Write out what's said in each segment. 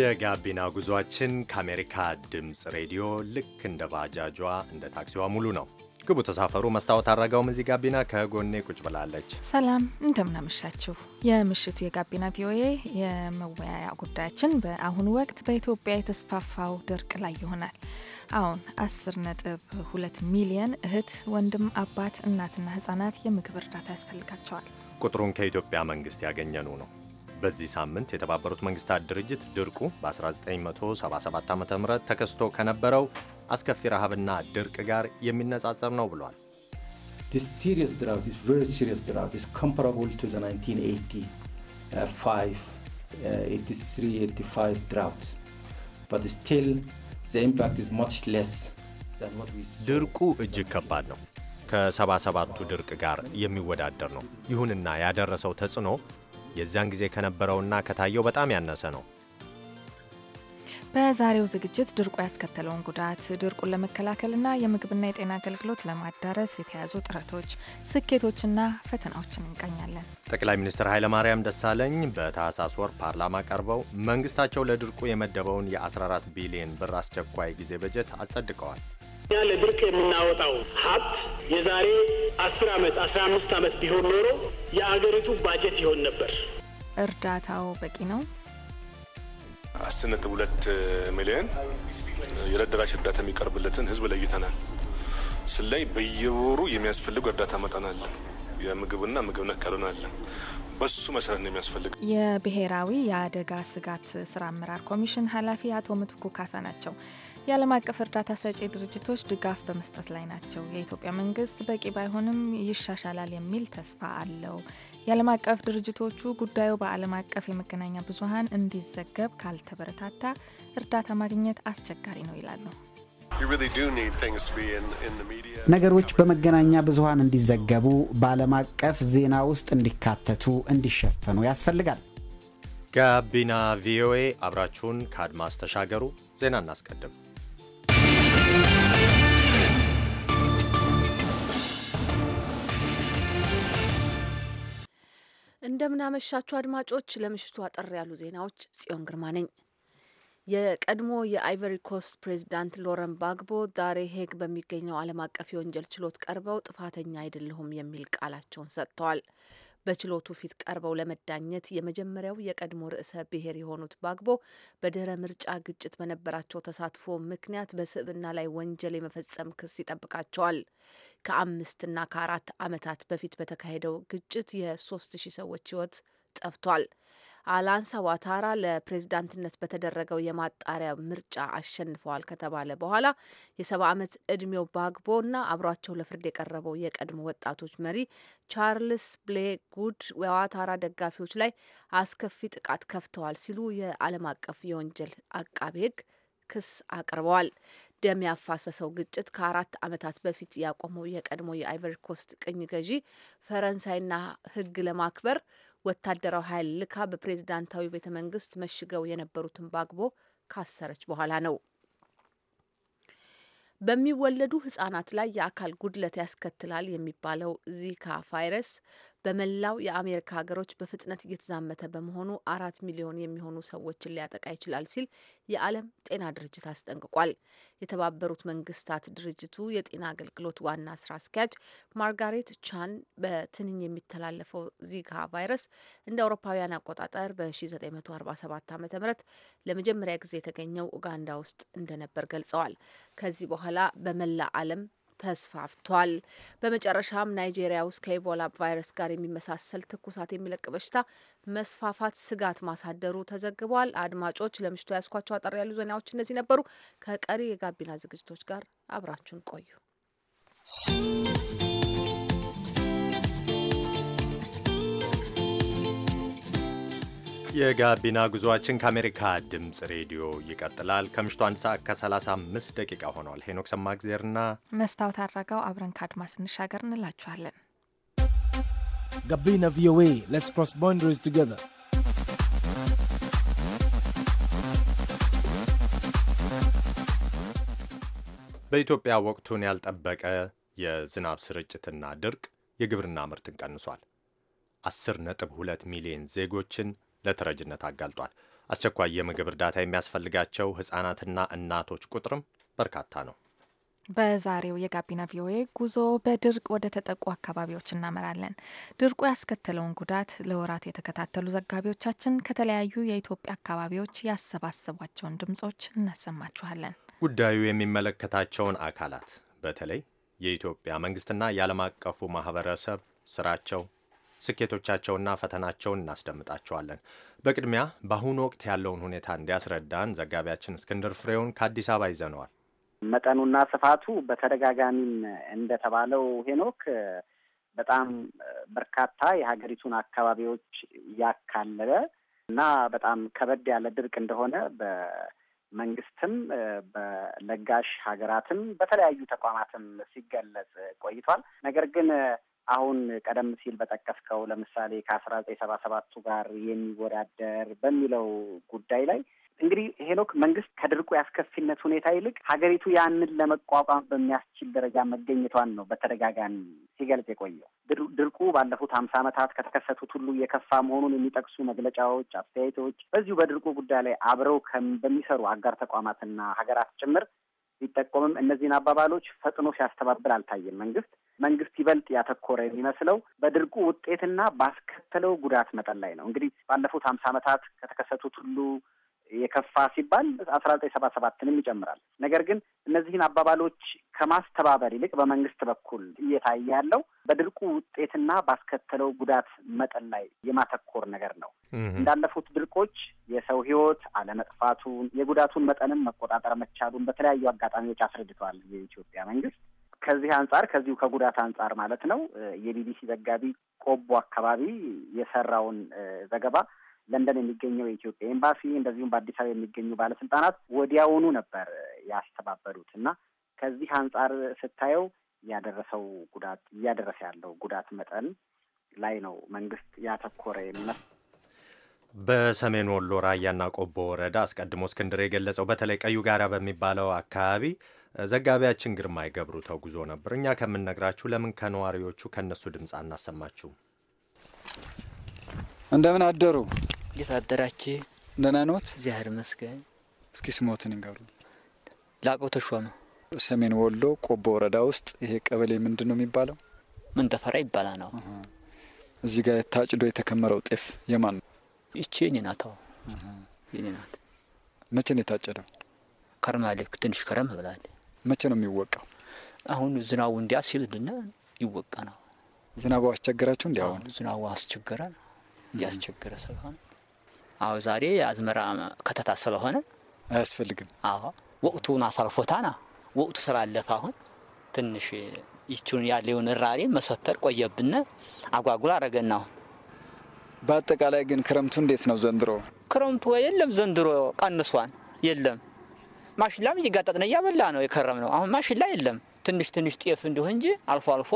የጋቢና ጉዟችን ከአሜሪካ ድምፅ ሬዲዮ ልክ እንደ ባጃጇ እንደ ታክሲዋ ሙሉ ነው። ግቡ፣ ተሳፈሩ። መስታወት አድረጋውም እዚህ ጋቢና ከጎኔ ቁጭ ብላለች። ሰላም እንደምናመሻችሁ። የምሽቱ የጋቢና ቪኦኤ የመወያያ ጉዳያችን በአሁኑ ወቅት በኢትዮጵያ የተስፋፋው ድርቅ ላይ ይሆናል። አሁን አስር ነጥብ ሁለት ሚሊየን እህት ወንድም፣ አባት፣ እናትና ህጻናት የምግብ እርዳታ ያስፈልጋቸዋል። ቁጥሩን ከኢትዮጵያ መንግስት ያገኘኑ ነው በዚህ ሳምንት የተባበሩት መንግስታት ድርጅት ድርቁ በ1977 ዓ ም ተከስቶ ከነበረው አስከፊ ረሃብና ድርቅ ጋር የሚነጻጸር ነው ብሏል። uh, ድርቁ እጅግ ከባድ ነው። ከ77ቱ ድርቅ ጋር የሚወዳደር ነው። ይሁንና ያደረሰው ተጽዕኖ የዚያን ጊዜ ከነበረውና ከታየው በጣም ያነሰ ነው። በዛሬው ዝግጅት ድርቁ ያስከተለውን ጉዳት፣ ድርቁን ለመከላከልና የምግብና የጤና አገልግሎት ለማዳረስ የተያዙ ጥረቶች፣ ስኬቶችና ፈተናዎችን እንቃኛለን። ጠቅላይ ሚኒስትር ኃይለማርያም ደሳለኝ በታህሳስ ወር ፓርላማ ቀርበው መንግስታቸው ለድርቁ የመደበውን የ14 ቢሊዮን ብር አስቸኳይ ጊዜ በጀት አጸድቀዋል። እኛ ለድርቅ የምናወጣው ሀብት የዛሬ አስር አመት አስራ አምስት አመት ቢሆን ኖሮ የአገሪቱ ባጀት ይሆን ነበር። እርዳታው በቂ ነው። አስር ነጥብ ሁለት ሚሊዮን የዕለት ደራሽ እርዳታ የሚቀርብለትን ህዝብ ለይተናል። ስለይ በየወሩ የሚያስፈልጉ እርዳታ መጠን አለ። የምግብና ምግብ ነክ ያልሆነ አለ። በሱ መሰረት ነው የሚያስፈልግ። የብሔራዊ የአደጋ ስጋት ስራ አመራር ኮሚሽን ኃላፊ አቶ ምትኩ ካሳ ናቸው። የዓለም አቀፍ እርዳታ ሰጪ ድርጅቶች ድጋፍ በመስጠት ላይ ናቸው። የኢትዮጵያ መንግስት በቂ ባይሆንም ይሻሻላል የሚል ተስፋ አለው። የዓለም አቀፍ ድርጅቶቹ ጉዳዩ በዓለም አቀፍ የመገናኛ ብዙሀን እንዲዘገብ ካልተበረታታ እርዳታ ማግኘት አስቸጋሪ ነው ይላሉ። ነገሮች በመገናኛ ብዙሀን እንዲዘገቡ በዓለም አቀፍ ዜና ውስጥ እንዲካተቱ፣ እንዲሸፈኑ ያስፈልጋል። ጋቢና ቪኦኤ አብራችሁን ከአድማስ ተሻገሩ። ዜና እናስቀድም። እንደምናመሻችሁ አድማጮች፣ ለምሽቱ አጠር ያሉ ዜናዎች ጽዮን ግርማ ነኝ። የቀድሞ የአይቨሪ ኮስት ፕሬዚዳንት ሎረን ባግቦ ዛሬ ሄግ በሚገኘው ዓለም አቀፍ የወንጀል ችሎት ቀርበው ጥፋተኛ አይደለሁም የሚል ቃላቸውን ሰጥተዋል። በችሎቱ ፊት ቀርበው ለመዳኘት የመጀመሪያው የቀድሞ ርዕሰ ብሔር የሆኑት ባግቦ በድህረ ምርጫ ግጭት በነበራቸው ተሳትፎ ምክንያት በስብና ላይ ወንጀል የመፈጸም ክስ ይጠብቃቸዋል። ከአምስትና ከአራት ዓመታት በፊት በተካሄደው ግጭት የሶስት ሺህ ሰዎች ህይወት ጠፍቷል። አላንሳ ዋታራ ለፕሬዝዳንትነት በተደረገው የማጣሪያ ምርጫ አሸንፈዋል ከተባለ በኋላ የሰባ ዓመት ዕድሜው ባግቦ እና አብሯቸው ለፍርድ የቀረበው የቀድሞ ወጣቶች መሪ ቻርልስ ብሌ ጉድ የዋታራ ደጋፊዎች ላይ አስከፊ ጥቃት ከፍተዋል ሲሉ የዓለም አቀፍ የወንጀል አቃቤ ሕግ ክስ አቅርበዋል። ደም ያፋሰሰው ግጭት ከአራት ዓመታት በፊት ያቆመው የቀድሞ የአይቨሪ ኮስት ቅኝ ገዢ ፈረንሳይና ሕግ ለማክበር ወታደራዊ ኃይል ልካ በፕሬዝዳንታዊ ቤተ መንግስት መሽገው የነበሩትን ባግቦ ካሰረች በኋላ ነው። በሚወለዱ ህጻናት ላይ የአካል ጉድለት ያስከትላል የሚባለው ዚካ ቫይረስ በመላው የአሜሪካ ሀገሮች በፍጥነት እየተዛመተ በመሆኑ አራት ሚሊዮን የሚሆኑ ሰዎችን ሊያጠቃ ይችላል ሲል የዓለም ጤና ድርጅት አስጠንቅቋል። የተባበሩት መንግስታት ድርጅቱ የጤና አገልግሎት ዋና ስራ አስኪያጅ ማርጋሬት ቻን በትንኝ የሚተላለፈው ዚካ ቫይረስ እንደ አውሮፓውያን አቆጣጠር በ1947 ዓ ም ለመጀመሪያ ጊዜ የተገኘው ኡጋንዳ ውስጥ እንደነበር ገልጸዋል። ከዚህ በኋላ በመላ ዓለም ተስፋፍቷል። በመጨረሻም ናይጄሪያ ውስጥ ከኢቦላ ቫይረስ ጋር የሚመሳሰል ትኩሳት የሚለቅ በሽታ መስፋፋት ስጋት ማሳደሩ ተዘግቧል። አድማጮች ለምሽቱ ያስኳቸው አጠር ያሉ ዜናዎች እነዚህ ነበሩ። ከቀሪ የጋቢና ዝግጅቶች ጋር አብራችሁን ቆዩ። የጋቢና ጉዞአችን ከአሜሪካ ድምፅ ሬዲዮ ይቀጥላል። ከምሽቱ አንድ ሰዓት ከ35 ደቂቃ ሆኗል። ሄኖክ ሰማግዜርና መስታወት አድረጋው አብረን ከአድማስ እንሻገር እንላችኋለን። ጋቢና ቪኦኤ ሌትስ ክሮስ ቦንደሪስ ቱጌዘር በኢትዮጵያ ወቅቱን ያልጠበቀ የዝናብ ስርጭትና ድርቅ የግብርና ምርትን ቀንሷል። 10 ነጥብ 2 ሚሊዮን ዜጎችን ለተረጅነት አጋልጧል። አስቸኳይ የምግብ እርዳታ የሚያስፈልጋቸው ህጻናትና እናቶች ቁጥርም በርካታ ነው። በዛሬው የጋቢና ቪኦኤ ጉዞ በድርቅ ወደ ተጠቁ አካባቢዎች እናመራለን። ድርቁ ያስከተለውን ጉዳት ለወራት የተከታተሉ ዘጋቢዎቻችን ከተለያዩ የኢትዮጵያ አካባቢዎች ያሰባሰቧቸውን ድምጾች እናሰማችኋለን። ጉዳዩ የሚመለከታቸውን አካላት በተለይ የኢትዮጵያ መንግስትና የዓለም አቀፉ ማህበረሰብ ስራቸው ስኬቶቻቸውና ፈተናቸውን እናስደምጣቸዋለን። በቅድሚያ በአሁኑ ወቅት ያለውን ሁኔታ እንዲያስረዳን ዘጋቢያችን እስክንድር ፍሬውን ከአዲስ አበባ ይዘነዋል። መጠኑና ስፋቱ በተደጋጋሚም እንደተባለው ሄኖክ በጣም በርካታ የሀገሪቱን አካባቢዎች ያካለለ እና በጣም ከበድ ያለ ድርቅ እንደሆነ በመንግስትም በለጋሽ ሀገራትም በተለያዩ ተቋማትም ሲገለጽ ቆይቷል። ነገር ግን አሁን ቀደም ሲል በጠቀስከው ለምሳሌ ከአስራ ዘጠኝ ሰባ ሰባቱ ጋር የሚወዳደር በሚለው ጉዳይ ላይ እንግዲህ ሄኖክ መንግስት ከድርቁ የአስከፊነት ሁኔታ ይልቅ ሀገሪቱ ያንን ለመቋቋም በሚያስችል ደረጃ መገኘቷን ነው በተደጋጋሚ ሲገልጽ የቆየው። ድርቁ ባለፉት ሀምሳ ዓመታት ከተከሰቱት ሁሉ የከፋ መሆኑን የሚጠቅሱ መግለጫዎች፣ አስተያየቶች በዚሁ በድርቁ ጉዳይ ላይ አብረው በሚሰሩ አጋር ተቋማትና ሀገራት ጭምር ቢጠቆምም እነዚህን አባባሎች ፈጥኖ ሲያስተባብል አልታየም መንግስት መንግስት ይበልጥ ያተኮረ የሚመስለው በድርቁ ውጤትና ባስከተለው ጉዳት መጠን ላይ ነው። እንግዲህ ባለፉት ሀምሳ ዓመታት ከተከሰቱት ሁሉ የከፋ ሲባል አስራ ዘጠኝ ሰባ ሰባትንም ይጨምራል። ነገር ግን እነዚህን አባባሎች ከማስተባበር ይልቅ በመንግስት በኩል እየታየ ያለው በድርቁ ውጤትና ባስከተለው ጉዳት መጠን ላይ የማተኮር ነገር ነው። እንዳለፉት ድርቆች የሰው ህይወት አለመጥፋቱን የጉዳቱን መጠንም መቆጣጠር መቻሉን በተለያዩ አጋጣሚዎች አስረድተዋል የኢትዮጵያ መንግስት። ከዚህ አንጻር ከዚሁ ከጉዳት አንጻር ማለት ነው የቢቢሲ ዘጋቢ ቆቦ አካባቢ የሰራውን ዘገባ ለንደን የሚገኘው የኢትዮጵያ ኤምባሲ እንደዚሁም በአዲስ አበባ የሚገኙ ባለስልጣናት ወዲያውኑ ነበር ያስተባበሉት እና ከዚህ አንጻር ስታየው ያደረሰው ጉዳት እያደረሰ ያለው ጉዳት መጠን ላይ ነው መንግስት ያተኮረ የሚመስል በሰሜን ወሎ ራያና ቆቦ ወረዳ አስቀድሞ እስክንድር የገለጸው በተለይ ቀዩ ጋራ በሚባለው አካባቢ ዘጋቢያችን ግርማ ይገብሩ ተጉዞ ነበር። እኛ ከምንነግራችሁ ለምን ከነዋሪዎቹ ከእነሱ ድምፅ አናሰማችሁ? እንደምን አደሩ? እንዴት አደራችሁ? ደህና ኖት? እግዚአብሔር ይመስገን። እስኪ ስሞትን ይንገሩ። ላቀው ተሿመ፣ ሰሜን ወሎ ቆቦ ወረዳ ውስጥ ይሄ ቀበሌ ምንድን ነው የሚባለው? ምንተፈራ ይባላ ነው። እዚህ ጋር ታጭዶ የተከመረው ጤፍ የማን ነው? ይቺ የኔ ናት። የኔ ናት። መቼ ነው የታጨደው? ከርማሌ ትንሽ ከረም ብላለች። መቼ ነው የሚወቃው? አሁን ዝናቡ እንዲያ ሲልና ይወቃ ነው። ዝናቡ አስቸገራችሁ? እንዲ አሁን ዝናቡ አስቸገረ እያስቸገረ ስለሆነ አሁ ዛሬ የአዝመራ ከተታ ስለሆነ አያስፈልግም። አዎ፣ ወቅቱን አሳልፎታና ወቅቱ ስላለፈ አሁን ትንሽ ይችን ያለውን እራሪ መሰተር ቆየብን፣ አጓጉል አረገና በአጠቃላይ ግን ክረምቱ እንዴት ነው ዘንድሮ? ክረምቱ የለም ዘንድሮ ቀንሷን የለም ማሽላም እየጋጠጥነ እያበላ ነው የከረም ነው። አሁን ማሽላ የለም። ትንሽ ትንሽ ጤፍ እንዲሁ እንጂ አልፎ አልፎ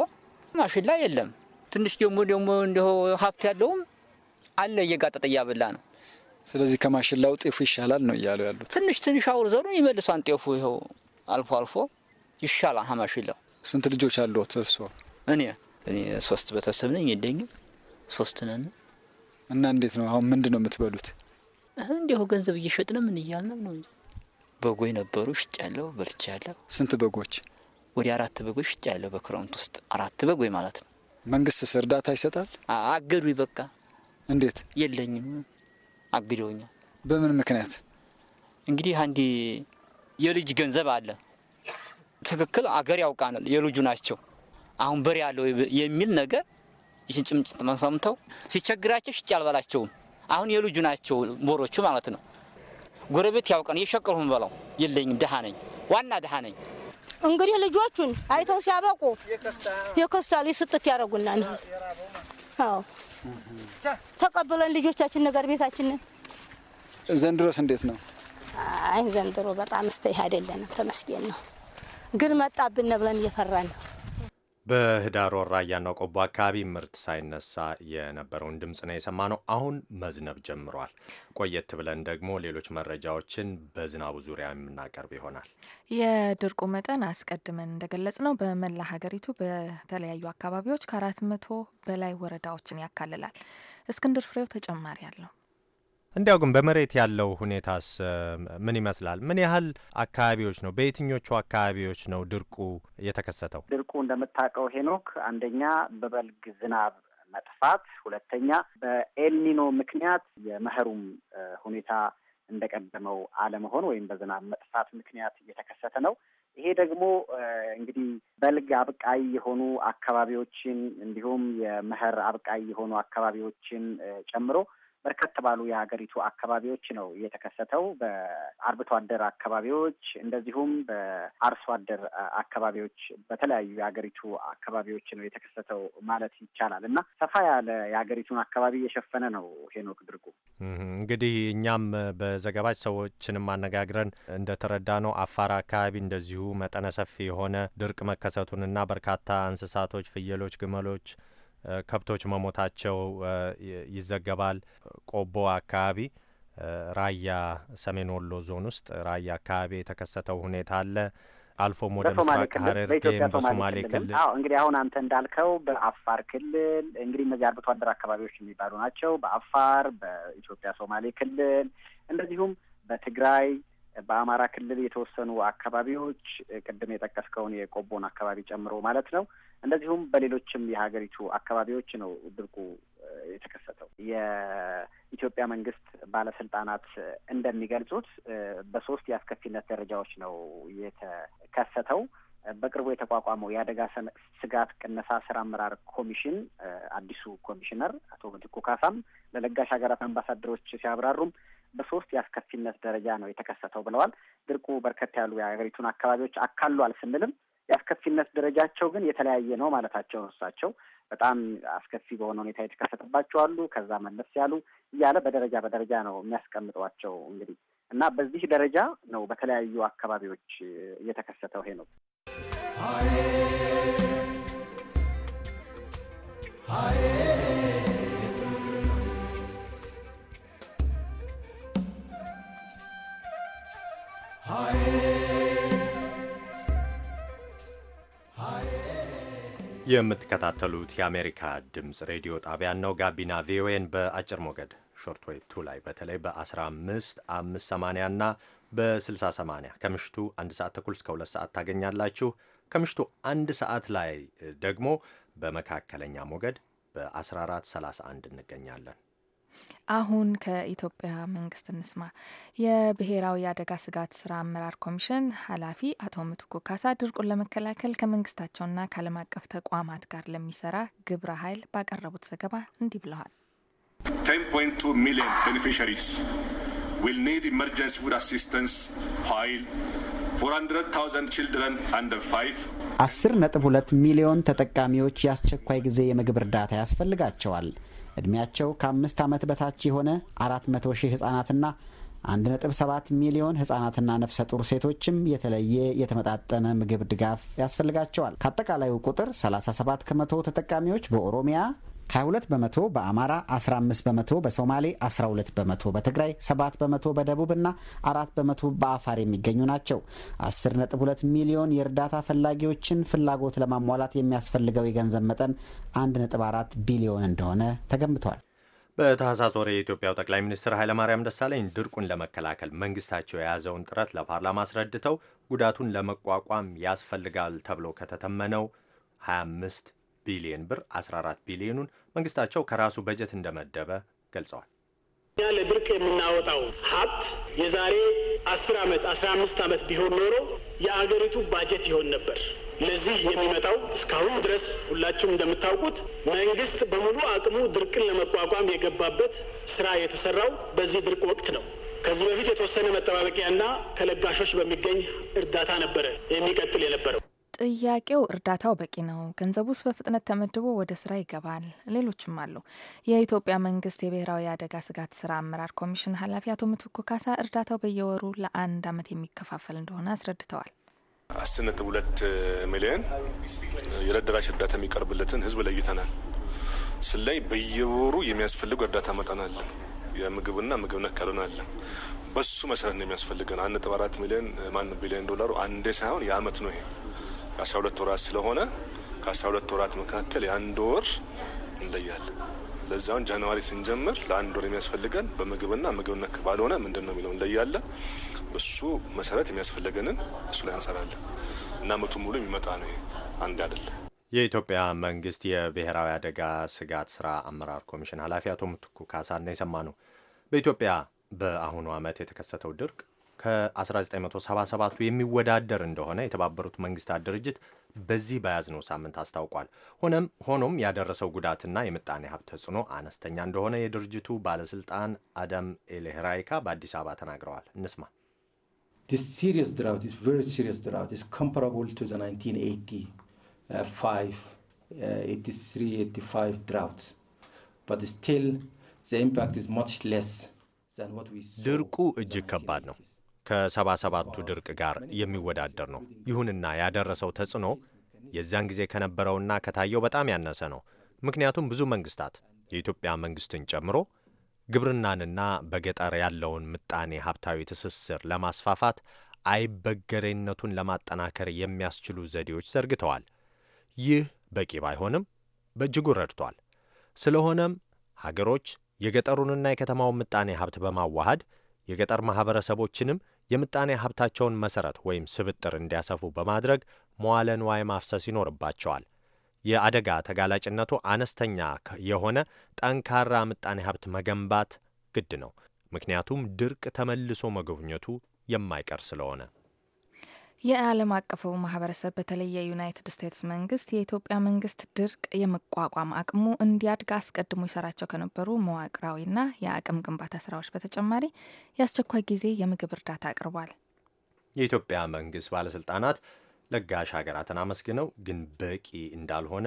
ማሽላ የለም። ትንሽ ደግሞ ደግሞ እንዲሁ ሀብት ያለውም አለ እየጋጠጠ እያበላ ነው። ስለዚህ ከማሽላው ጤፉ ይሻላል ነው እያሉ ያሉት። ትንሽ ትንሽ አውር ዘሩ ይመልሳን ጤፉ ይኸው አልፎ አልፎ ይሻላል ከማሽላው። ስንት ልጆች አሉት እርስዎ? እኔ እኔ ሶስት ቤተሰብ ነኝ። የደኝ ሶስት ነን። እና እንዴት ነው አሁን ምንድን ነው የምትበሉት? እንዲሁ ገንዘብ እየሸጥነ ምን እያልነ ነው በጎይ ነበሩ፣ በልቻ ያለው ስንት በጎች? ወደ አራት በጎች ያለው በክረምት ውስጥ አራት በጎ ማለት ነው። መንግስትስ እርዳታ ይሰጣል? አገዱ። በቃ እንዴት? የለኝም፣ አግደውኛል። በምን ምክንያት? እንግዲህ አንድ የልጅ ገንዘብ አለ። ትክክል አገር ያውቃናል፣ የልጁ ናቸው። አሁን በሬ ያለው የሚል ነገር ይህን ጭምጭት መሰምተው ሲቸግራቸው ሽጭ አልባላቸውም። አሁን የልጁ ናቸው ቦሮቹ ማለት ነው። ጎረቤት ያውቀን የሸቀልሁ በለው የለኝም፣ ድሃ ነኝ፣ ዋና ድሃ ነኝ። እንግዲህ ልጆቹን አይተው ሲያበቁ የከሳል የስጥት ያደረጉና አዎ ተቀብለን ልጆቻችን ነገር ቤታችንን ዘንድሮስ እንዴት ነው? አይ ዘንድሮ በጣም ይህ አይደለንም፣ ተመስገን ነው። ግን መጣብን ብለን እየፈራን ነው። በህዳር ወር ራያና ቆቦ አካባቢ ምርት ሳይነሳ የነበረውን ድምፅ ነው የሰማነው። አሁን መዝነብ ጀምሯል። ቆየት ብለን ደግሞ ሌሎች መረጃዎችን በዝናቡ ዙሪያ የምናቀርብ ይሆናል። የድርቁ መጠን አስቀድመን እንደገለጽ ነው በመላ ሀገሪቱ በተለያዩ አካባቢዎች ከአራት መቶ በላይ ወረዳዎችን ያካልላል። እስክንድር ፍሬው ተጨማሪ አለው። እንዲያው ግን በመሬት ያለው ሁኔታስ ምን ይመስላል? ምን ያህል አካባቢዎች ነው? በየትኞቹ አካባቢዎች ነው ድርቁ የተከሰተው? ድርቁ እንደምታውቀው ሄኖክ፣ አንደኛ በበልግ ዝናብ መጥፋት፣ ሁለተኛ በኤልኒኖ ምክንያት የመኸሩም ሁኔታ እንደቀደመው አለመሆን ወይም በዝናብ መጥፋት ምክንያት እየተከሰተ ነው። ይሄ ደግሞ እንግዲህ በልግ አብቃይ የሆኑ አካባቢዎችን እንዲሁም የመኸር አብቃይ የሆኑ አካባቢዎችን ጨምሮ በርከት ባሉ የሀገሪቱ አካባቢዎች ነው የተከሰተው። በአርብቶ አደር አካባቢዎች እንደዚሁም በአርሶ አደር አካባቢዎች በተለያዩ የሀገሪቱ አካባቢዎች ነው የተከሰተው ማለት ይቻላል እና ሰፋ ያለ የሀገሪቱን አካባቢ እየሸፈነ ነው። ሄኖክ ድርጉ እንግዲህ እኛም በዘገባች ሰዎችንም አነጋግረን እንደተረዳ ነው አፋር አካባቢ እንደዚሁ መጠነ ሰፊ የሆነ ድርቅ መከሰቱንና በርካታ እንስሳቶች፣ ፍየሎች፣ ግመሎች ከብቶች መሞታቸው ይዘገባል። ቆቦ አካባቢ፣ ራያ ሰሜን ወሎ ዞን ውስጥ ራያ አካባቢ የተከሰተው ሁኔታ አለ። አልፎም ወደ ምስራቅ በሶማሌ ክልል አዎ፣ እንግዲህ አሁን አንተ እንዳልከው በአፋር ክልል እንግዲህ እነዚህ አርብቶ አደር አካባቢዎች የሚባሉ ናቸው። በአፋር በኢትዮጵያ ሶማሌ ክልል እንደዚሁም በትግራይ በአማራ ክልል የተወሰኑ አካባቢዎች ቅድም የጠቀስከውን የቆቦን አካባቢ ጨምሮ ማለት ነው። እንደዚሁም በሌሎችም የሀገሪቱ አካባቢዎች ነው ድርቁ የተከሰተው። የኢትዮጵያ መንግስት ባለስልጣናት እንደሚገልጹት በሶስት የአስከፊነት ደረጃዎች ነው የተከሰተው። በቅርቡ የተቋቋመው የአደጋ ስጋት ቅነሳ ስራ አመራር ኮሚሽን አዲሱ ኮሚሽነር አቶ ምትኩ ካሳም ለለጋሽ ሀገራት አምባሳደሮች ሲያብራሩም በሶስት የአስከፊነት ደረጃ ነው የተከሰተው ብለዋል። ድርቁ በርከት ያሉ የሀገሪቱን አካባቢዎች አካሏል ስንልም የአስከፊነት ደረጃቸው ግን የተለያየ ነው ማለታቸው ነው እሳቸው በጣም አስከፊ በሆነ ሁኔታ የተከሰተባቸው አሉ፣ ከዛ መለስ ያሉ እያለ በደረጃ በደረጃ ነው የሚያስቀምጧቸው እንግዲህ እና በዚህ ደረጃ ነው በተለያዩ አካባቢዎች እየተከሰተው ይሄ ነው። Aye. Aye. የምትከታተሉት የአሜሪካ ድምፅ ሬዲዮ ጣቢያን ነው። ጋቢና ቪኦኤን በአጭር ሞገድ ሾርትዌቭ ቱ ላይ በተለይ በ15580 እና በ6080 ከምሽቱ አንድ ሰዓት ተኩል እስከ ሁለት ሰዓት ታገኛላችሁ። ከምሽቱ አንድ ሰዓት ላይ ደግሞ በመካከለኛ ሞገድ በ1431 እንገኛለን። አሁን ከኢትዮጵያ መንግስት እንስማ። የብሔራዊ የአደጋ ስጋት ስራ አመራር ኮሚሽን ኃላፊ አቶ ምትኩ ካሳ ድርቁን ለመከላከል ከመንግስታቸውና ከዓለም አቀፍ ተቋማት ጋር ለሚሰራ ግብረ ኃይል ባቀረቡት ዘገባ እንዲህ ብለዋል። 10.2 ሚሊዮን ቤኔፊሻሪስ ዊል ኒድ ኢመርጀንሲ ፉድ አሲስተንስ ኃይል 400,000 ችልድረን አንደር 5 10.2 ሚሊዮን ተጠቃሚዎች የአስቸኳይ ጊዜ የምግብ እርዳታ ያስፈልጋቸዋል። ዕድሜያቸው ከአምስት ዓመት በታች የሆነ 400 ሺህ ሕፃናትና 1.7 ሚሊዮን ህጻናትና ነፍሰ ጡር ሴቶችም የተለየ የተመጣጠነ ምግብ ድጋፍ ያስፈልጋቸዋል። ከአጠቃላዩ ቁጥር 37 ከመቶ ተጠቃሚዎች በኦሮሚያ፣ 22 በመቶ በአማራ 15 በመቶ በሶማሌ 12 በመቶ በትግራይ 7 በመቶ በደቡብና 4 በመቶ በአፋር የሚገኙ ናቸው። 10.2 ሚሊዮን የእርዳታ ፈላጊዎችን ፍላጎት ለማሟላት የሚያስፈልገው የገንዘብ መጠን 1.4 ቢሊዮን እንደሆነ ተገምቷል። በታህሳስ ወር የኢትዮጵያው ጠቅላይ ሚኒስትር ኃይለማርያም ደሳለኝ ድርቁን ለመከላከል መንግስታቸው የያዘውን ጥረት ለፓርላማ አስረድተው ጉዳቱን ለመቋቋም ያስፈልጋል ተብሎ ከተተመነው 25 ቢሊዮን ብር 14 ቢሊዮኑን መንግስታቸው ከራሱ በጀት እንደመደበ ገልጸዋል። እኛ ለድርቅ የምናወጣው ሀብት የዛሬ አስር ዓመት አስራ አምስት ዓመት ቢሆን ኖሮ የአገሪቱ ባጀት ይሆን ነበር። ለዚህ የሚመጣው እስካሁን ድረስ ሁላችሁም እንደምታውቁት መንግስት በሙሉ አቅሙ ድርቅን ለመቋቋም የገባበት ስራ የተሰራው በዚህ ድርቅ ወቅት ነው። ከዚህ በፊት የተወሰነ መጠባበቂያና ከለጋሾች በሚገኝ እርዳታ ነበረ የሚቀጥል የነበረው። ጥያቄው እርዳታው በቂ ነው፣ ገንዘቡስ በፍጥነት ተመድቦ ወደ ስራ ይገባል። ሌሎችም አሉ። የኢትዮጵያ መንግስት የብሔራዊ አደጋ ስጋት ስራ አመራር ኮሚሽን ኃላፊ አቶ ምትኩ ካሳ እርዳታው በየወሩ ለአንድ አመት የሚከፋፈል እንደሆነ አስረድተዋል። አስር ነጥብ ሁለት ሚሊዮን የለደራሽ እርዳታ የሚቀርብለትን ህዝብ ለይተናል። ስለዚህ በየወሩ የሚያስፈልጉ እርዳታ መጠን አለ። የምግብና ምግብ ነክ ያልሆነ አለ። በሱ መሰረት ነው የሚያስፈልገን። አንድ ነጥብ አራት ሚሊዮን ማንም ቢሊዮን ዶላሩ አንዴ ሳይሆን የአመት ነው ይሄ አስራ ሁለት ወራት ስለሆነ ከአስራ ሁለት ወራት መካከል የአንድ ወር እንለያለን። ለዛውን ጃንዋሪ ስንጀምር ለአንድ ወር የሚያስፈልገን በምግብና ምግብ ነክ ባልሆነ ምንድን ነው የሚለው እንለያለን። በሱ መሰረት የሚያስፈልገንን እሱ ላይ እንሰራለን እና መቱ ሙሉ የሚመጣ ነው። አንድ አይደለም። የኢትዮጵያ መንግስት የብሔራዊ አደጋ ስጋት ስራ አመራር ኮሚሽን ኃላፊ አቶ ምትኩ ካሳን የሰማ ነው። በኢትዮጵያ በአሁኑ ዓመት የተከሰተው ድርቅ ከ1977ቱ የሚወዳደር እንደሆነ የተባበሩት መንግስታት ድርጅት በዚህ በያዝነው ሳምንት አስታውቋል። ሆነም ሆኖም ያደረሰው ጉዳትና የምጣኔ ሀብት ተጽዕኖ አነስተኛ እንደሆነ የድርጅቱ ባለስልጣን አደም ኤልሄራይካ በአዲስ አበባ ተናግረዋል። እንስማ። uh, ድርቁ እጅግ ከባድ ነው። ሰባቱ ድርቅ ጋር የሚወዳደር ነው። ይሁንና ያደረሰው ተጽዕኖ የዚያን ጊዜ ከነበረውና ከታየው በጣም ያነሰ ነው። ምክንያቱም ብዙ መንግስታት የኢትዮጵያ መንግስትን ጨምሮ ግብርናንና በገጠር ያለውን ምጣኔ ሀብታዊ ትስስር ለማስፋፋት አይበገሬነቱን ለማጠናከር የሚያስችሉ ዘዴዎች ዘርግተዋል። ይህ በቂ ባይሆንም በእጅጉ ረድቷል። ስለሆነም ሀገሮች የገጠሩንና የከተማውን ምጣኔ ሀብት በማዋሃድ የገጠር ማህበረሰቦችንም የምጣኔ ሀብታቸውን መሰረት ወይም ስብጥር እንዲያሰፉ በማድረግ መዋለ ንዋይ ማፍሰስ ይኖርባቸዋል። የአደጋ ተጋላጭነቱ አነስተኛ የሆነ ጠንካራ ምጣኔ ሀብት መገንባት ግድ ነው። ምክንያቱም ድርቅ ተመልሶ መጎብኘቱ የማይቀር ስለሆነ የዓለም አቀፉ ማህበረሰብ በተለይ የዩናይትድ ስቴትስ መንግስት የኢትዮጵያ መንግስት ድርቅ የመቋቋም አቅሙ እንዲያድግ አስቀድሞ ይሰራቸው ከነበሩ መዋቅራዊና የአቅም ግንባታ ስራዎች በተጨማሪ የአስቸኳይ ጊዜ የምግብ እርዳታ አቅርቧል። የኢትዮጵያ መንግስት ባለስልጣናት ለጋሽ ሀገራትን አመስግነው ግን በቂ እንዳልሆነ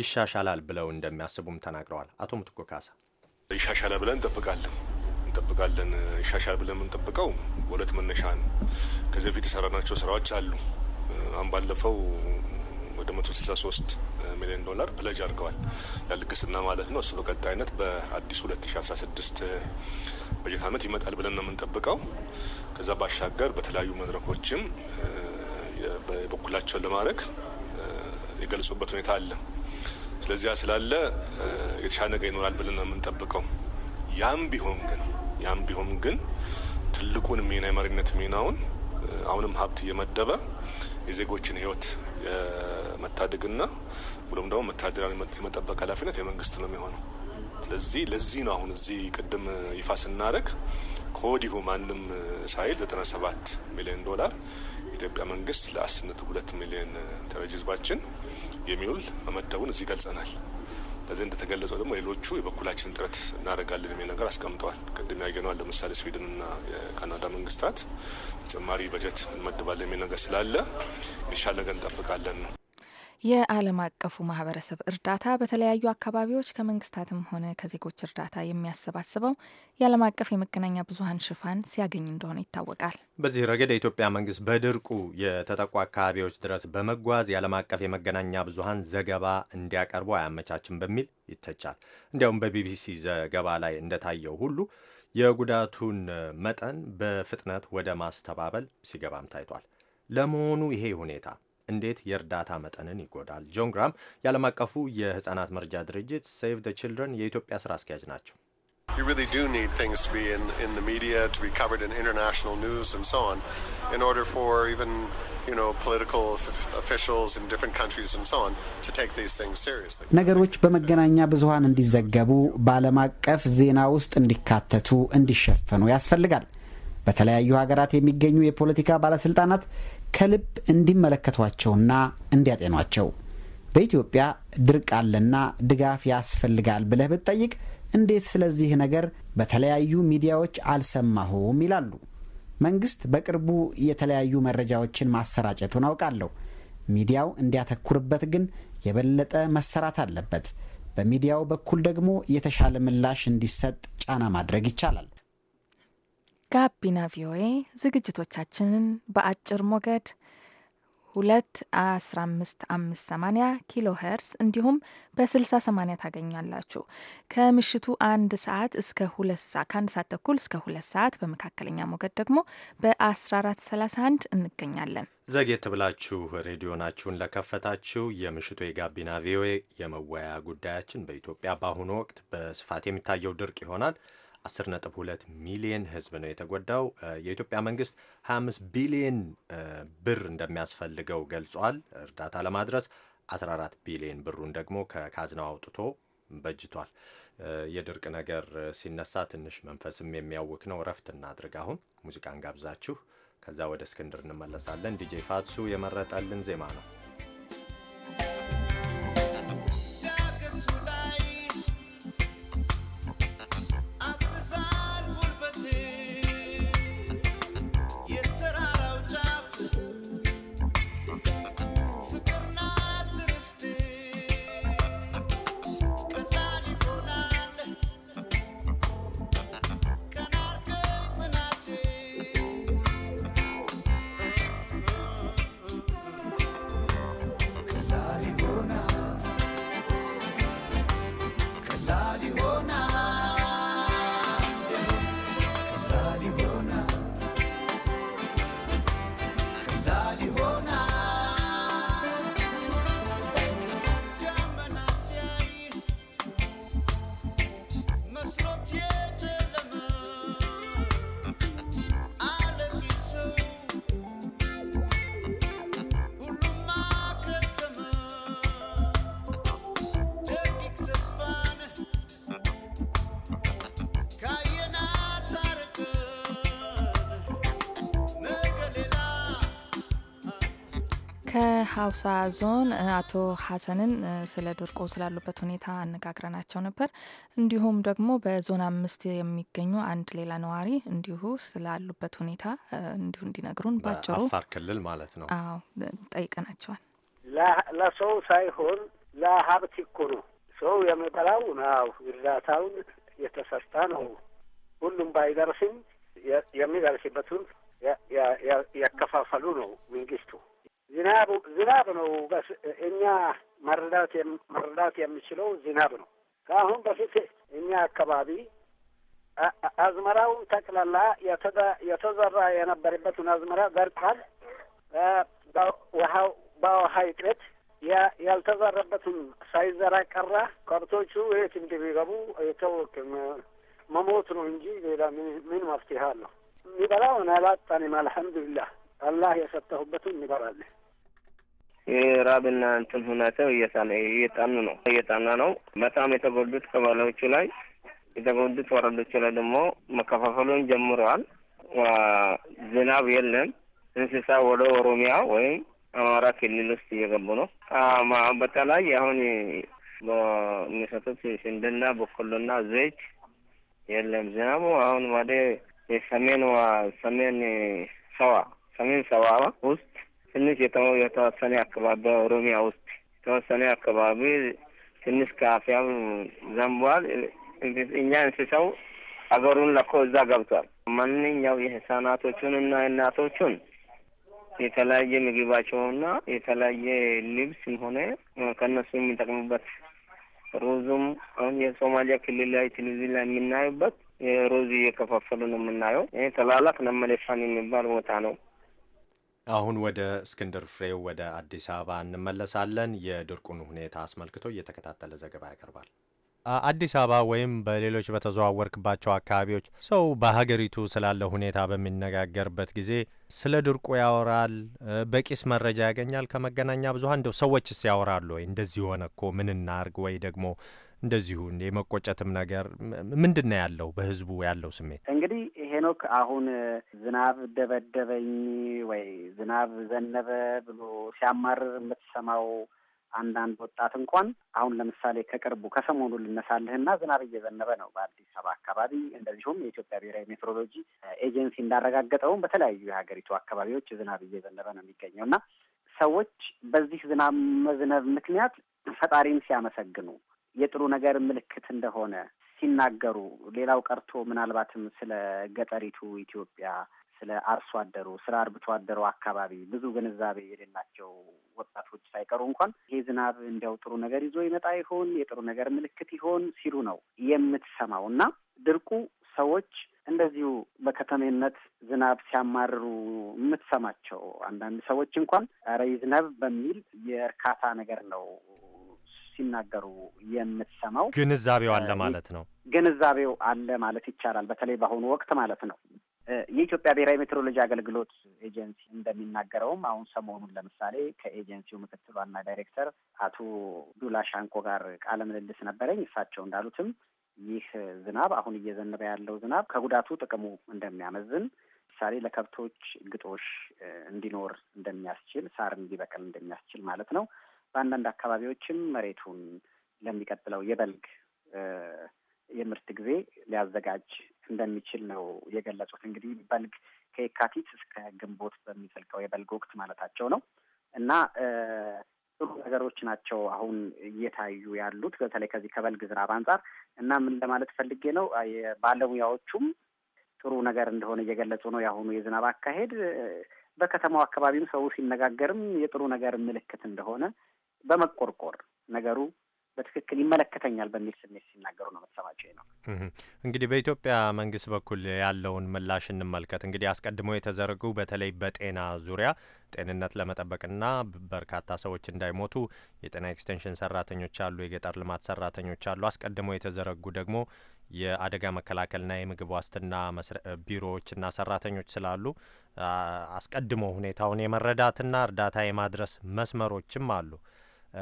ይሻሻላል ብለው እንደሚያስቡም ተናግረዋል። አቶ ምትኮ ካሳ ይሻሻላል ብለን እንጠብቃለን እንጠብቃለን። ይሻሻል ብለን የምንጠብቀው በሁለት መነሻ ነው። ከዚህ በፊት የሰራናቸው ስራዎች አሉ። አሁን ባለፈው ወደ ሶስት ሚሊዮን ዶላር ፕለጅ አድርገዋል ለልግስና ማለት ነው። እሱ በቀጣይነት በአዲስ ስድስት በጀት ዓመት ይመጣል ብለን ነው የምንጠብቀው። ከዛ ባሻገር በተለያዩ መድረኮችም የበኩላቸውን ለማድረግ የገለጹበት ሁኔታ አለ። ስለዚያ ስላለ የተሻለ ነገር ይኖራል ብለን ነው የምንጠብቀው። ያም ቢሆን ግን ያም ቢሆን ግን ትልቁን ሚና የመሪነት ሚናውን አሁንም ሀብት እየመደበ የዜጎችን ህይወት የመታደግና ብሎም ደግሞ መታደሪያን የመጠበቅ ኃላፊነት የመንግስት ነው የሚሆነው። ስለዚህ ለዚህ ነው አሁን እዚህ ቅድም ይፋ ስናደርግ ከወዲሁ ማንም ሳይል ሰባት ሚሊዮን ዶላር የኢትዮጵያ መንግስት ለ ሁለት ሚሊዮን ተረጂ ህዝባችን የሚውል መመደቡን እዚህ ገልጸናል። ከዚህ እንደተገለጸው ደግሞ ሌሎቹ የበኩላችን ጥረት እናደርጋለን የሚል ነገር አስቀምጠዋል። ቅድም ያየነዋል። ለምሳሌ ስዊድንና የካናዳ መንግስታት ተጨማሪ በጀት እንመድባለን የሚል ነገር ስላለ ይሻል ነገር እንጠብቃለን ነው። የዓለም አቀፉ ማህበረሰብ እርዳታ በተለያዩ አካባቢዎች ከመንግስታትም ሆነ ከዜጎች እርዳታ የሚያሰባስበው የዓለም አቀፍ የመገናኛ ብዙሀን ሽፋን ሲያገኝ እንደሆነ ይታወቃል። በዚህ ረገድ የኢትዮጵያ መንግስት በድርቁ የተጠቁ አካባቢዎች ድረስ በመጓዝ የዓለም አቀፍ የመገናኛ ብዙሀን ዘገባ እንዲያቀርቡ አያመቻችም በሚል ይተቻል። እንዲያውም በቢቢሲ ዘገባ ላይ እንደታየው ሁሉ የጉዳቱን መጠን በፍጥነት ወደ ማስተባበል ሲገባም ታይቷል። ለመሆኑ ይሄ ሁኔታ እንዴት የእርዳታ መጠንን ይጎዳል? ጆን ግራም የዓለም አቀፉ የህጻናት መርጃ ድርጅት ሴቭ ደ ችልድረን የኢትዮጵያ ስራ አስኪያጅ ናቸው። ነገሮች በመገናኛ ብዙኃን እንዲዘገቡ በዓለም አቀፍ ዜና ውስጥ እንዲካተቱ፣ እንዲሸፈኑ ያስፈልጋል። በተለያዩ ሀገራት የሚገኙ የፖለቲካ ባለስልጣናት ከልብ እንዲመለከቷቸውና እንዲያጤኗቸው። በኢትዮጵያ ድርቅ አለና ድጋፍ ያስፈልጋል ብለህ ብትጠይቅ እንዴት ስለዚህ ነገር በተለያዩ ሚዲያዎች አልሰማሁም ይላሉ። መንግስት በቅርቡ የተለያዩ መረጃዎችን ማሰራጨቱን አውቃለሁ። ሚዲያው እንዲያተኩርበት ግን የበለጠ መሰራት አለበት። በሚዲያው በኩል ደግሞ የተሻለ ምላሽ እንዲሰጥ ጫና ማድረግ ይቻላል። ጋቢና ቪኦኤ ዝግጅቶቻችንን በአጭር ሞገድ 21580 ኪሎ ሄርስ እንዲሁም በ6080 ታገኛላችሁ። ከምሽቱ አንድ ሰዓት እስከ ሁለት ሰዓት ከአንድ ሰዓት ተኩል እስከ ሁለት ሰዓት በመካከለኛ ሞገድ ደግሞ በ1431 እንገኛለን። ዘግየት ብላችሁ ሬዲዮናችሁን ለከፈታችሁ የምሽቱ የጋቢና ቪኦኤ የመወያያ ጉዳያችን በኢትዮጵያ በአሁኑ ወቅት በስፋት የሚታየው ድርቅ ይሆናል። 10.2 ሚሊየን ህዝብ ነው የተጎዳው። የኢትዮጵያ መንግስት 25 ቢሊየን ብር እንደሚያስፈልገው ገልጿል። እርዳታ ለማድረስ 14 ቢሊየን ብሩን ደግሞ ከካዝናው አውጥቶ በጅቷል። የድርቅ ነገር ሲነሳ ትንሽ መንፈስም የሚያውክ ነው። እረፍት እናድርግ። አሁን ሙዚቃን ጋብዛችሁ ከዛ ወደ እስክንድር እንመለሳለን። ዲጄ ፋትሱ የመረጠልን ዜማ ነው። ሀውሳ ዞን አቶ ሀሰንን ስለ ድርቆ ስላሉበት ሁኔታ አነጋግረናቸው ነበር። እንዲሁም ደግሞ በዞን አምስት የሚገኙ አንድ ሌላ ነዋሪ እንዲሁ ስላሉበት ሁኔታ እንዲሁ እንዲነግሩን ባጭሩ አፋር ክልል ማለት ነው። አዎ ጠይቀናቸዋል። ለሰው ሳይሆን ለሀብት እኮ ነው ሰው የሚበላው ነው። እርዳታውን የተሰጠ ነው። ሁሉም ባይደርስም የሚደርስበትን ያከፋፈሉ ነው መንግስቱ ዝናብ ዝናብ ነው። እኛ መረዳት መረዳት የምችለው ዝናብ ነው። ከአሁን በፊት እኛ አካባቢ አዝመራው ጠቅላላ የተዘራ የነበረበትን አዝመራ ደርቋል። በውሃ እጥረት ያልተዘረበትን ሳይዘራ ቀራ። ከብቶቹ የት እንደሚገቡ አይታወቅም። መሞት ነው እንጂ ሌላ ምን መፍትሄ አለው? የሚበላውን አላጣንም። አልሐምዱሊላህ አላህ የሰጠሁበትን ይበራለን። የራብና እንትን ሁኔታው እየጣኑ ነው እየጣና ነው። በጣም የተጎዱት ቀበሌዎቹ ላይ የተጎዱት ወረዶቹ ላይ ደግሞ መከፋፈሉን ጀምረዋል። ዝናብ የለም። እንስሳ ወደ ኦሮሚያ ወይም አማራ ክልል ውስጥ እየገቡ ነው። በተለይ አሁን በሚሰጡት ስንዴና በቆሎና ዘይት የለም። ዝናቡ አሁን ወደ የሰሜን ሰሜን ሰዋ ሰሜን ሰዋ ውስጥ ትንሽ የተወሰነ አካባቢ በኦሮሚያ ውስጥ የተወሰነ አካባቢ ትንሽ ካፊያም ዘንቧል። እኛ እንስሳው አገሩን ለኮ እዛ ገብቷል። ማንኛው የህፃናቶቹን እና እናቶቹን የተለያየ ምግባቸውና የተለያየ ልብስም ሆነ ከእነሱ የሚጠቅሙበት ሩዙም አሁን የሶማሊያ ክልል ላይ ቴሌቪዥን ላይ የምናዩበት የሩዝ እየከፋፈሉ ነው የምናየው። ይህ ተላላክ ነመሌሻን የሚባል ቦታ ነው። አሁን ወደ እስክንድር ፍሬው ወደ አዲስ አበባ እንመለሳለን። የድርቁን ሁኔታ አስመልክቶ እየተከታተለ ዘገባ ያቀርባል። አዲስ አበባ ወይም በሌሎች በተዘዋወርክባቸው አካባቢዎች ሰው በሀገሪቱ ስላለ ሁኔታ በሚነጋገርበት ጊዜ ስለ ድርቁ ያወራል። በቂስ መረጃ ያገኛል ከመገናኛ ብዙኃን። እንደው ሰዎችስ ያወራሉ ወይ? እንደዚህ ሆነ እኮ ምን እናርግ? ወይ ደግሞ እንደዚሁ የመቆጨትም ነገር ምንድን ነው ያለው? በህዝቡ ያለው ስሜት እንግዲህ ሄኖክ አሁን ዝናብ ደበደበኝ ወይ ዝናብ ዘነበ ብሎ ሲያማርር የምትሰማው አንዳንድ ወጣት እንኳን አሁን ለምሳሌ ከቅርቡ ከሰሞኑ ልነሳልህና ዝናብ እየዘነበ ነው በአዲስ አበባ አካባቢ። እንደዚሁም የኢትዮጵያ ብሔራዊ ሜትሮሎጂ ኤጀንሲ እንዳረጋገጠውም በተለያዩ የሀገሪቱ አካባቢዎች ዝናብ እየዘነበ ነው የሚገኘው እና ሰዎች በዚህ ዝናብ መዝነብ ምክንያት ፈጣሪን ሲያመሰግኑ የጥሩ ነገር ምልክት እንደሆነ ሲናገሩ ሌላው ቀርቶ ምናልባትም ስለ ገጠሪቱ ኢትዮጵያ ስለ አርሶ አደሩ ስለ አርብቶ አደሩ አካባቢ ብዙ ግንዛቤ የሌላቸው ወጣቶች ሳይቀሩ እንኳን ይሄ ዝናብ እንዲያው ጥሩ ነገር ይዞ ይመጣ ይሆን የጥሩ ነገር ምልክት ይሆን ሲሉ ነው የምትሰማው። እና ድርቁ ሰዎች እንደዚሁ በከተሜነት ዝናብ ሲያማርሩ የምትሰማቸው አንዳንድ ሰዎች እንኳን ኧረ ይዝነብ በሚል የእርካታ ነገር ነው ሲናገሩ የምትሰማው። ግንዛቤው አለ ማለት ነው። ግንዛቤው አለ ማለት ይቻላል። በተለይ በአሁኑ ወቅት ማለት ነው። የኢትዮጵያ ብሔራዊ ሜትሮሎጂ አገልግሎት ኤጀንሲ እንደሚናገረውም አሁን ሰሞኑን ለምሳሌ ከኤጀንሲው ምክትል ዋና ዳይሬክተር አቶ ዱላ ሻንቆ ጋር ቃለ ምልልስ ነበረኝ። እሳቸው እንዳሉትም ይህ ዝናብ አሁን እየዘነበ ያለው ዝናብ ከጉዳቱ ጥቅሙ እንደሚያመዝን ምሳሌ ለከብቶች ግጦሽ እንዲኖር እንደሚያስችል፣ ሳር እንዲበቅል እንደሚያስችል ማለት ነው። በአንዳንድ አካባቢዎችም መሬቱን ለሚቀጥለው የበልግ የምርት ጊዜ ሊያዘጋጅ እንደሚችል ነው የገለጹት። እንግዲህ በልግ ከየካቲት እስከ ግንቦት በሚዘልቀው የበልግ ወቅት ማለታቸው ነው እና ጥሩ ነገሮች ናቸው አሁን እየታዩ ያሉት በተለይ ከዚህ ከበልግ ዝናብ አንጻር እና ምን ለማለት ፈልጌ ነው ባለሙያዎቹም ጥሩ ነገር እንደሆነ እየገለጹ ነው የአሁኑ የዝናብ አካሄድ። በከተማው አካባቢም ሰው ሲነጋገርም የጥሩ ነገር ምልክት እንደሆነ በመቆርቆር ነገሩ በትክክል ይመለከተኛል በሚል ስሜት ሲናገሩ ነው የምትሰማቸው ነው። እንግዲህ በኢትዮጵያ መንግስት በኩል ያለውን ምላሽ እንመልከት። እንግዲህ አስቀድሞ የተዘረጉ በተለይ በጤና ዙሪያ ጤንነት ለመጠበቅና በርካታ ሰዎች እንዳይሞቱ የጤና ኤክስቴንሽን ሰራተኞች አሉ፣ የገጠር ልማት ሰራተኞች አሉ። አስቀድሞ የተዘረጉ ደግሞ የአደጋ መከላከልና የምግብ ዋስትና ቢሮዎችና ሰራተኞች ስላሉ አስቀድሞ ሁኔታውን የመረዳትና እርዳታ የማድረስ መስመሮችም አሉ።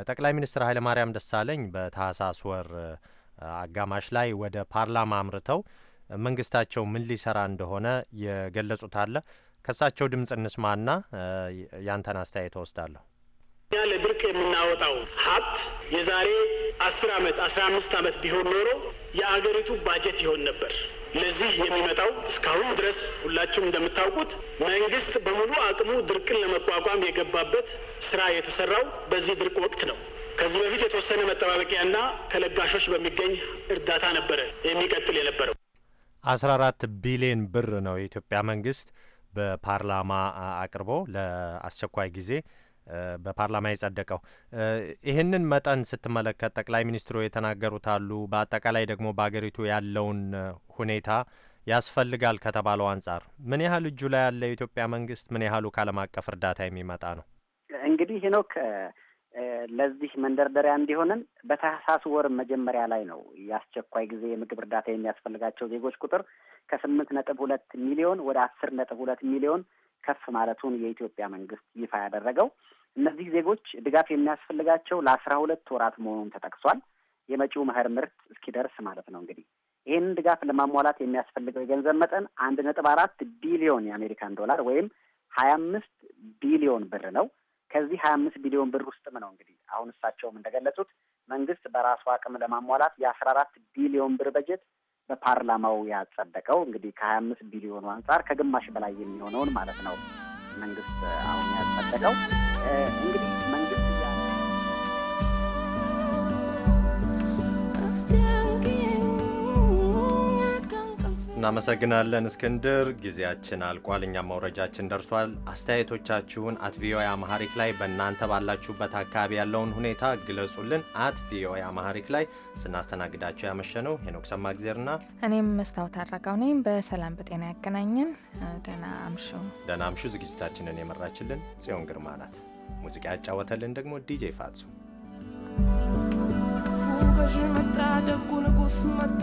ጠቅላይ ሚኒስትር ኃይለማርያም ደሳለኝ በታህሳስ ወር አጋማሽ ላይ ወደ ፓርላማ አምርተው መንግስታቸው ምን ሊሰራ እንደሆነ የገለጹት አለ። ከእሳቸው ድምፅ እንስማና ያንተን አስተያየት እወስዳለሁ። እኛ ለድርቅ የምናወጣው ሀብት የዛሬ አስር አመት አስራ አምስት አመት ቢሆን ኖሮ የአገሪቱ ባጀት ይሆን ነበር። ለዚህ የሚመጣው እስካሁን ድረስ ሁላችሁም እንደምታውቁት መንግስት በሙሉ አቅሙ ድርቅን ለመቋቋም የገባበት ስራ የተሰራው በዚህ ድርቅ ወቅት ነው። ከዚህ በፊት የተወሰነ መጠባበቂያና ከለጋሾች በሚገኝ እርዳታ ነበረ የሚቀጥል የነበረው። አስራ አራት ቢሊዮን ብር ነው የኢትዮጵያ መንግስት በፓርላማ አቅርቦ ለአስቸኳይ ጊዜ በፓርላማ የጸደቀው። ይህንን መጠን ስትመለከት ጠቅላይ ሚኒስትሩ የተናገሩት አሉ። በአጠቃላይ ደግሞ በአገሪቱ ያለውን ሁኔታ ያስፈልጋል ከተባለው አንጻር ምን ያህል እጁ ላይ ያለ የኢትዮጵያ መንግስት፣ ምን ያህሉ ከዓለም አቀፍ እርዳታ የሚመጣ ነው? እንግዲህ ሄኖክ ለዚህ መንደርደሪያ እንዲሆንን በታህሳስ ወር መጀመሪያ ላይ ነው የአስቸኳይ ጊዜ የምግብ እርዳታ የሚያስፈልጋቸው ዜጎች ቁጥር ከስምንት ነጥብ ሁለት ሚሊዮን ወደ አስር ነጥብ ሁለት ሚሊዮን ከፍ ማለቱን የኢትዮጵያ መንግስት ይፋ ያደረገው እነዚህ ዜጎች ድጋፍ የሚያስፈልጋቸው ለአስራ ሁለት ወራት መሆኑን ተጠቅሷል። የመጪው መኸር ምርት እስኪደርስ ማለት ነው። እንግዲህ ይህንን ድጋፍ ለማሟላት የሚያስፈልገው የገንዘብ መጠን አንድ ነጥብ አራት ቢሊዮን የአሜሪካን ዶላር ወይም ሀያ አምስት ቢሊዮን ብር ነው። ከዚህ ሀያ አምስት ቢሊዮን ብር ውስጥም ነው እንግዲህ አሁን እሳቸውም እንደገለጹት መንግስት በራሱ አቅም ለማሟላት የአስራ አራት ቢሊዮን ብር በጀት በፓርላማው ያጸደቀው እንግዲህ ከሀያ አምስት ቢሊዮኑ አንጻር ከግማሽ በላይ የሚሆነውን ማለት ነው መንግስት አሁን ያጸደቀው እንግዲህ እናመሰግናለን እስክንድር። ጊዜያችን አልቋል። እኛም መውረጃችን ደርሷል። አስተያየቶቻችሁን አት ቪኦኤ አማሐሪክ ላይ በእናንተ ባላችሁበት አካባቢ ያለውን ሁኔታ ግለጹልን። አት ቪኦኤ አማሐሪክ ላይ ስናስተናግዳቸው ያመሸነው ሄኖክ ሰማግዜርና እኔም መስታወት አረጋው ነኝ። በሰላም በጤና ያገናኘን። ደህና አምሹ። ደህና አምሹ። ዝግጅታችንን የመራችልን ጽዮን ግርማ ናት። ሙዚቃ ያጫወተልን ደግሞ ዲጄ ፋጹ መጣ። ደጉ ንጉስ መጣ